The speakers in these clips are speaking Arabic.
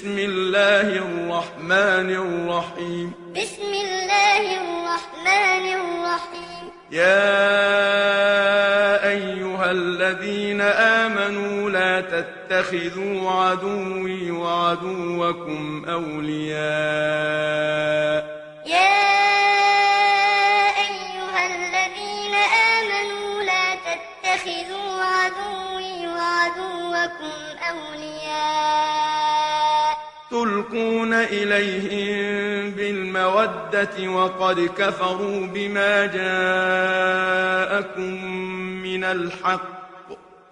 بسم الله الرحمن الرحيم بسم الله الرحمن الرحيم يا أيها الذين آمنوا لا تتخذوا عدوي وعدوكم أولياء يا أيها الذين آمنوا لا تتخذوا عدوي وعدوكم أولياء تلقون إليهم بالمودة وقد كفروا بما جاءكم من الحق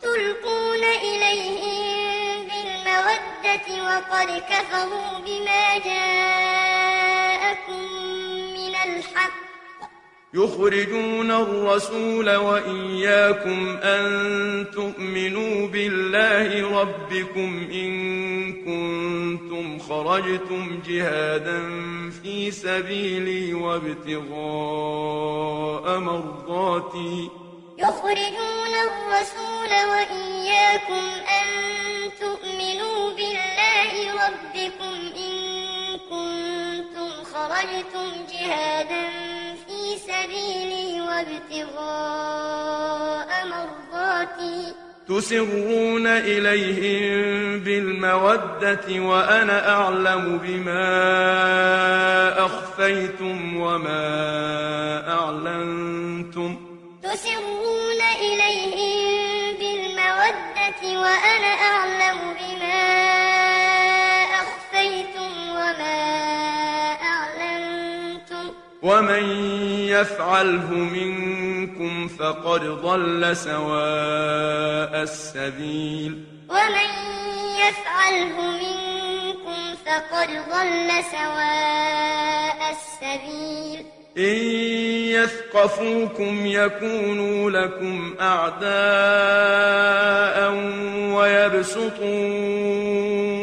تلقون إليهم بالمودة وقد كفروا بما جاءكم يخرجون الرسول وإياكم أن تؤمنوا بالله ربكم إن كنتم خرجتم جهادا في سبيلي وابتغاء مرضاتي يخرجون الرسول وإياكم أن تؤمنوا بالله ربكم إن كنتم خرجتم جهادا سبيلي وابتغاء مرضاتي تسرون إليهم بالمودة وأنا أعلم بما أخفيتم وما أعلنتم يفعله منكم فقد ضل سواء السبيل ومن يفعله منكم فقد ضل سواء السبيل إن يثقفوكم يكونوا لكم أعداء ويبسطوا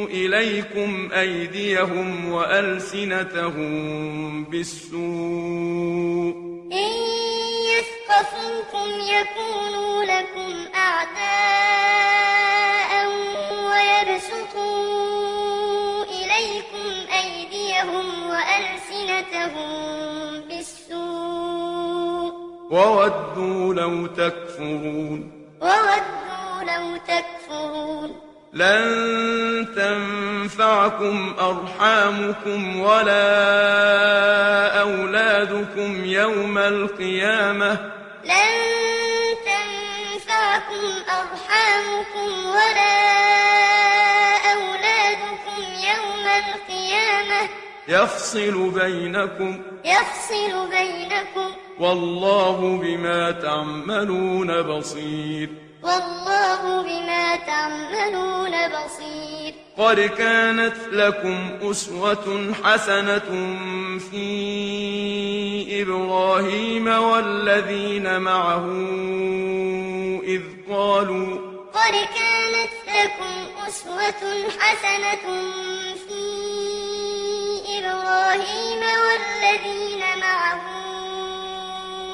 إليكم أيديهم وألسنتهم بالسوء رسلكم يكونوا لكم أعداء ويبسطوا إليكم أيديهم وألسنتهم بالسوء وودوا لو تكفرون وودوا لو تكفرون لن تنفعكم أرحامكم ولا أولادكم يوم القيامة لن تنفعكم أرحامكم ولا أولادكم يوم القيامة يفصل بينكم يفصل بينكم والله بما تعملون بصير والله بما تعملون بصير قد كانت لكم أسوة حسنة في إبراهيم والذين معه إذ قالوا قد كانت لكم أسوة حسنة في إبراهيم والذين معه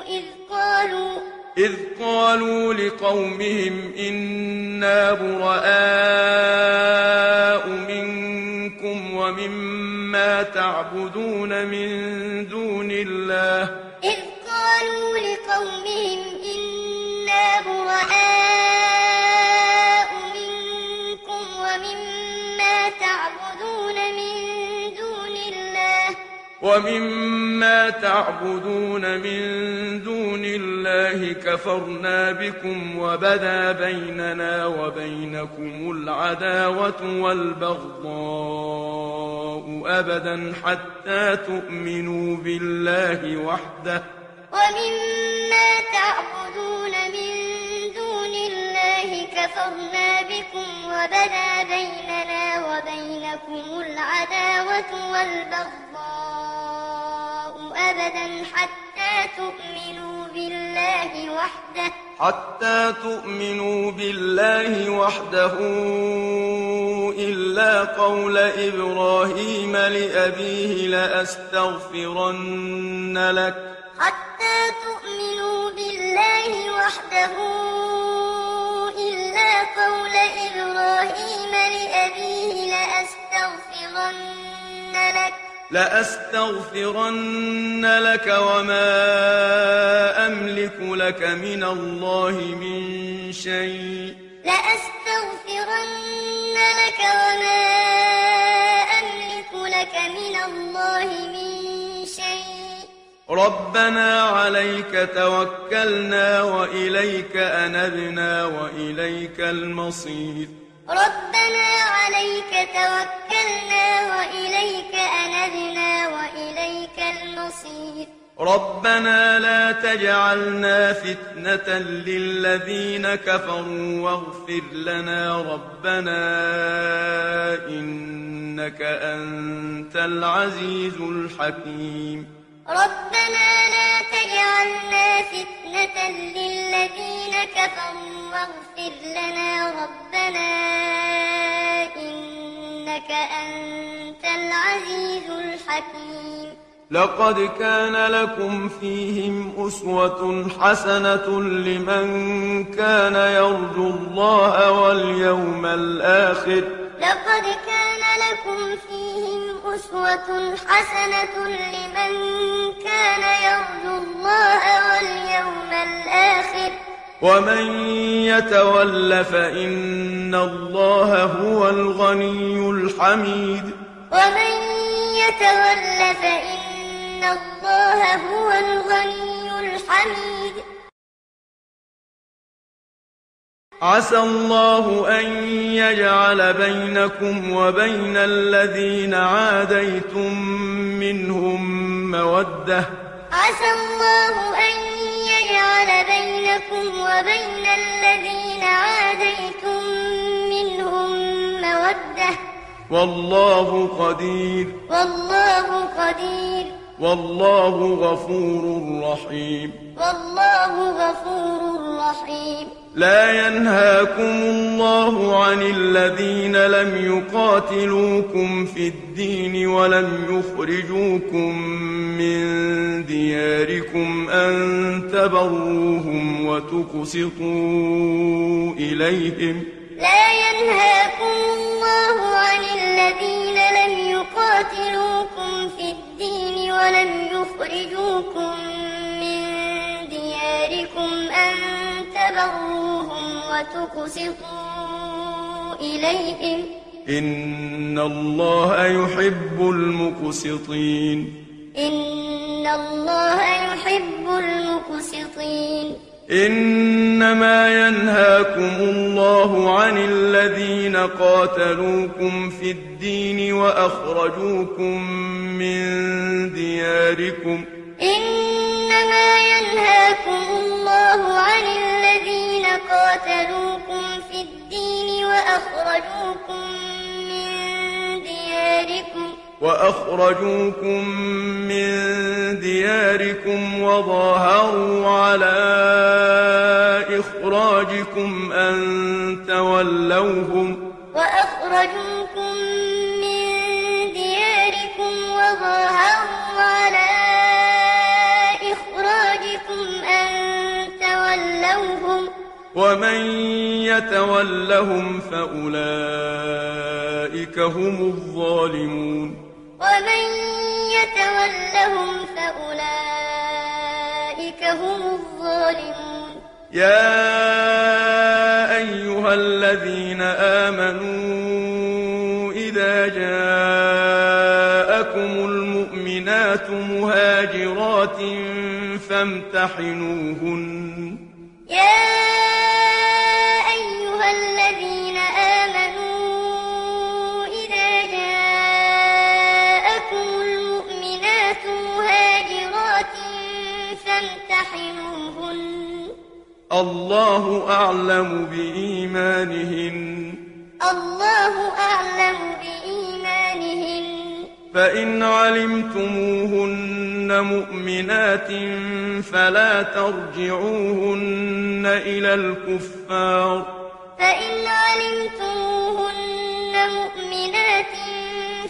إذ قالوا إذ قالوا لقومهم إنا برآء ومما تعبدون من دون الله ومما تعبدون من دون الله كفرنا بكم وبدا بيننا وبينكم العداوة والبغضاء أبدا حتى تؤمنوا بالله وحده ومما تعبدون من دون الله كفرنا بكم وبدا بيننا وبينكم العداوة والبغضاء أبدا حتى تؤمنوا بالله وحده حتى تؤمنوا بالله وحده إلا قول إبراهيم لأبيه لأستغفرن لك حتى تؤمنوا بالله وحده إلا قول إبراهيم لأبيه لأستغفرن لك وما أملك لك من الله من شيء لأستغفرن لك وما أملك لك من الله من شيء ربنا عليك توكلنا وإليك أنبنا وإليك المصير ربنا عليك توكلنا وإليك أنبنا وإليك المصير ربنا لا تجعلنا فتنة للذين كفروا واغفر لنا ربنا إنك أنت العزيز الحكيم ربنا لا تجعلنا فتنة للذين كفروا واغفر لنا ربنا إنك أنت العزيز الحكيم لقد كان لكم فيهم أسوة حسنة لمن كان يرجو الله واليوم الآخر لقد كان لكم فيهم أسوة حسنة لمن كان يرجو الله واليوم الآخر ومن يتول فإن الله هو الغني الحميد ومن يتول فإن الله هو الغني الحميد عسى الله أن يجعل بينكم وبين الذين عاديتم منهم مودة عسى الله أن يجعل بينكم وبين الذين عاديتم منهم مودة والله قدير والله قدير والله غفور رحيم والله غفور رحيم لا ينهاكم الله عن الذين لم يقاتلوكم في الدين ولم يخرجوكم من دياركم أن تبروهم وتقسطوا إليهم لا ينهاكم الله عن الذين لم يقاتلوكم يخرجوكم من دياركم أن تبروهم وتقسطوا إليهم إن الله يحب المقسطين إن الله يحب المقسطين إنما ينهاكم الله عن الذين قاتلوكم في الدين وأخرجوكم من دياركم إنما ينهاكم الله عن الذين قاتلوكم في الدين وأخرجوكم من دياركم وأخرجوكم من دياركم وظاهروا على إخراجكم أن تولوهم وأخرجوكم من دياركم وظاهروا على إخراجكم أن تولوهم ومن يتولهم فأولئك هم الظالمون ومن يتولهم فأولئك هم الظالمون يا أيها الذين آمنوا إذا جاءكم المؤمنات مهاجرات فامتحنوهن يا الله أعلم بإيمانهن الله أعلم بإيمانهن فإن علمتموهن مؤمنات فلا ترجعوهن إلى الكفار فإن علمتموهن مؤمنات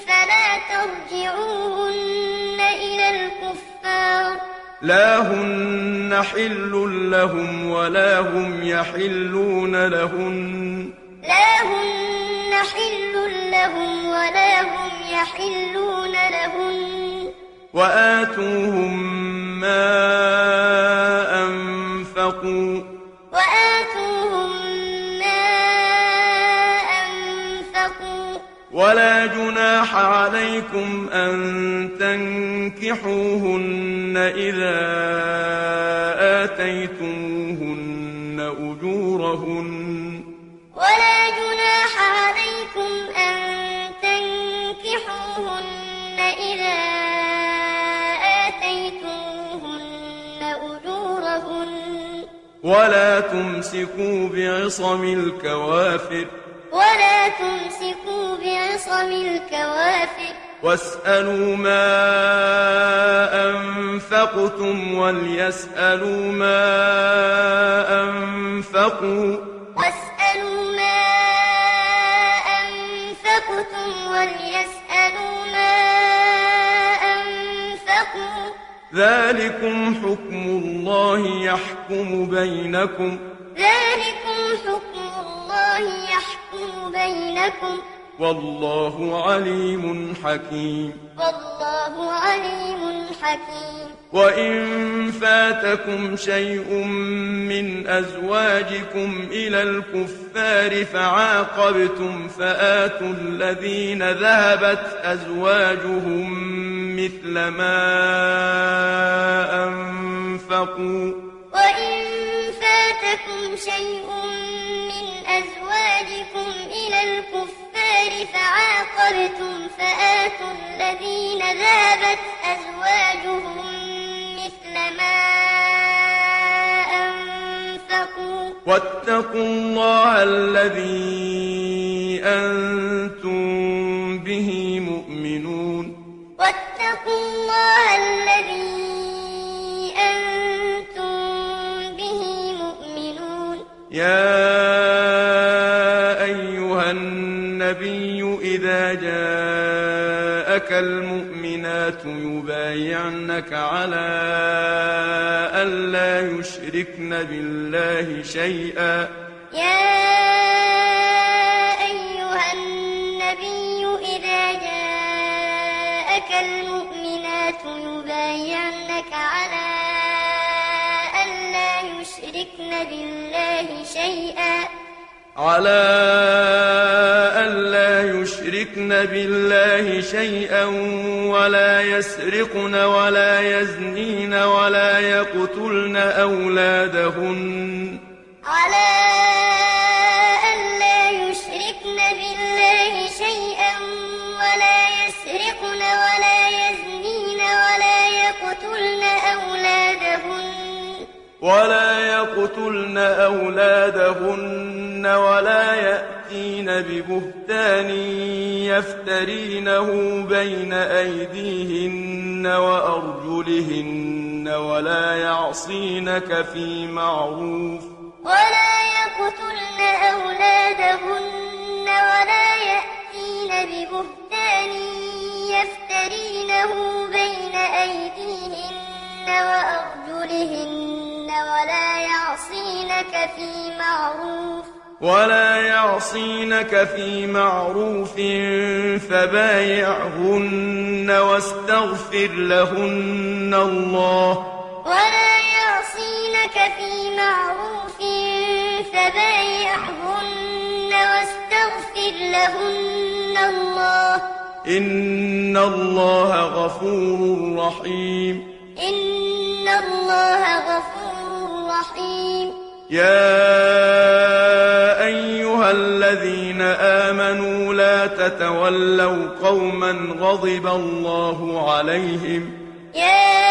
فلا ترجعوهن لا هن حل لهم ولا هم يحلون لهن لا هن حل لهم ولا هم يحلون لهن وآتوهم ما أنفقوا وآتوهم ولا جناح عليكم أن تنكحوهن إذا آتيتموهن أجورهن ولا جناح عليكم أن تنكحوهن إذا آتيتموهن أجورهن ولا تمسكوا بعصم الكوافر ولا تمسكوا بعصم الكوافر واسألوا ما أنفقتم وليسألوا ما أنفقوا واسألوا ما أنفقتم وليسألوا ما أنفقوا ذلكم حكم الله يحكم بينكم ذلكم حكم الله يحكم بينكم والله عليم حكيم والله عليم حكيم وإن فاتكم شيء من أزواجكم إلى الكفار فعاقبتم فآتوا الذين ذهبت أزواجهم مثل ما أنفقوا وإن فاتكم شيء أَقْرَضْتُمْ فَآتُوا الَّذِينَ ذَهَبَتْ أَزْوَاجُهُم مِّثْلَ مَا أَنفَقُوا وَاتَّقُوا اللَّهَ الَّذِي أَنتُم بِهِ مُؤْمِنُونَ وَاتَّقُوا اللَّهَ الَّذِي أَنتُم بِهِ مُؤْمِنُونَ يَا إذا جاءك المؤمنات يبايعنك على ألا يشركن بالله شيئا يا أيها النبي إذا جاءك المؤمنات يبايعنك على ألا يشركن بالله شيئا على يشركن بالله شيئا ولا يسرقن ولا يزنين ولا يقتلن أولادهن على ألا يشركن بالله شيئا ولا يسرقن ولا يزنين ولا يقتلن أولادهن ولا يقتلن أولادهن ولا يأتين يأتين ببهتان يفترينه بين أيديهن وأرجلهن ولا يعصينك في معروف ولا يقتلن أولادهن ولا يأتين ببهتان يفترينه بين أيديهن وأرجلهن ولا يعصينك في معروف ولا يعصينك في معروف فبايعهن واستغفر لهن الله ولا يعصينك في معروف فبايعهن واستغفر لهن الله إن الله غفور رحيم إن الله غفور رحيم يا أيها الذين آمنوا لا تتولوا قوما غضب الله عليهم يا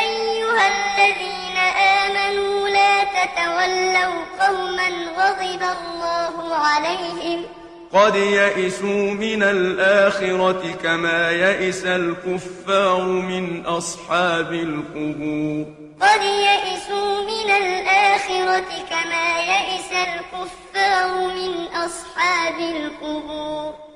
أيها الذين آمنوا لا تتولوا قوما غضب الله عليهم قد يئسوا من الآخرة كما يئس الكفار من أصحاب القبور قد يئسوا من الآخرة كما يئس الكفار من أصحاب القبور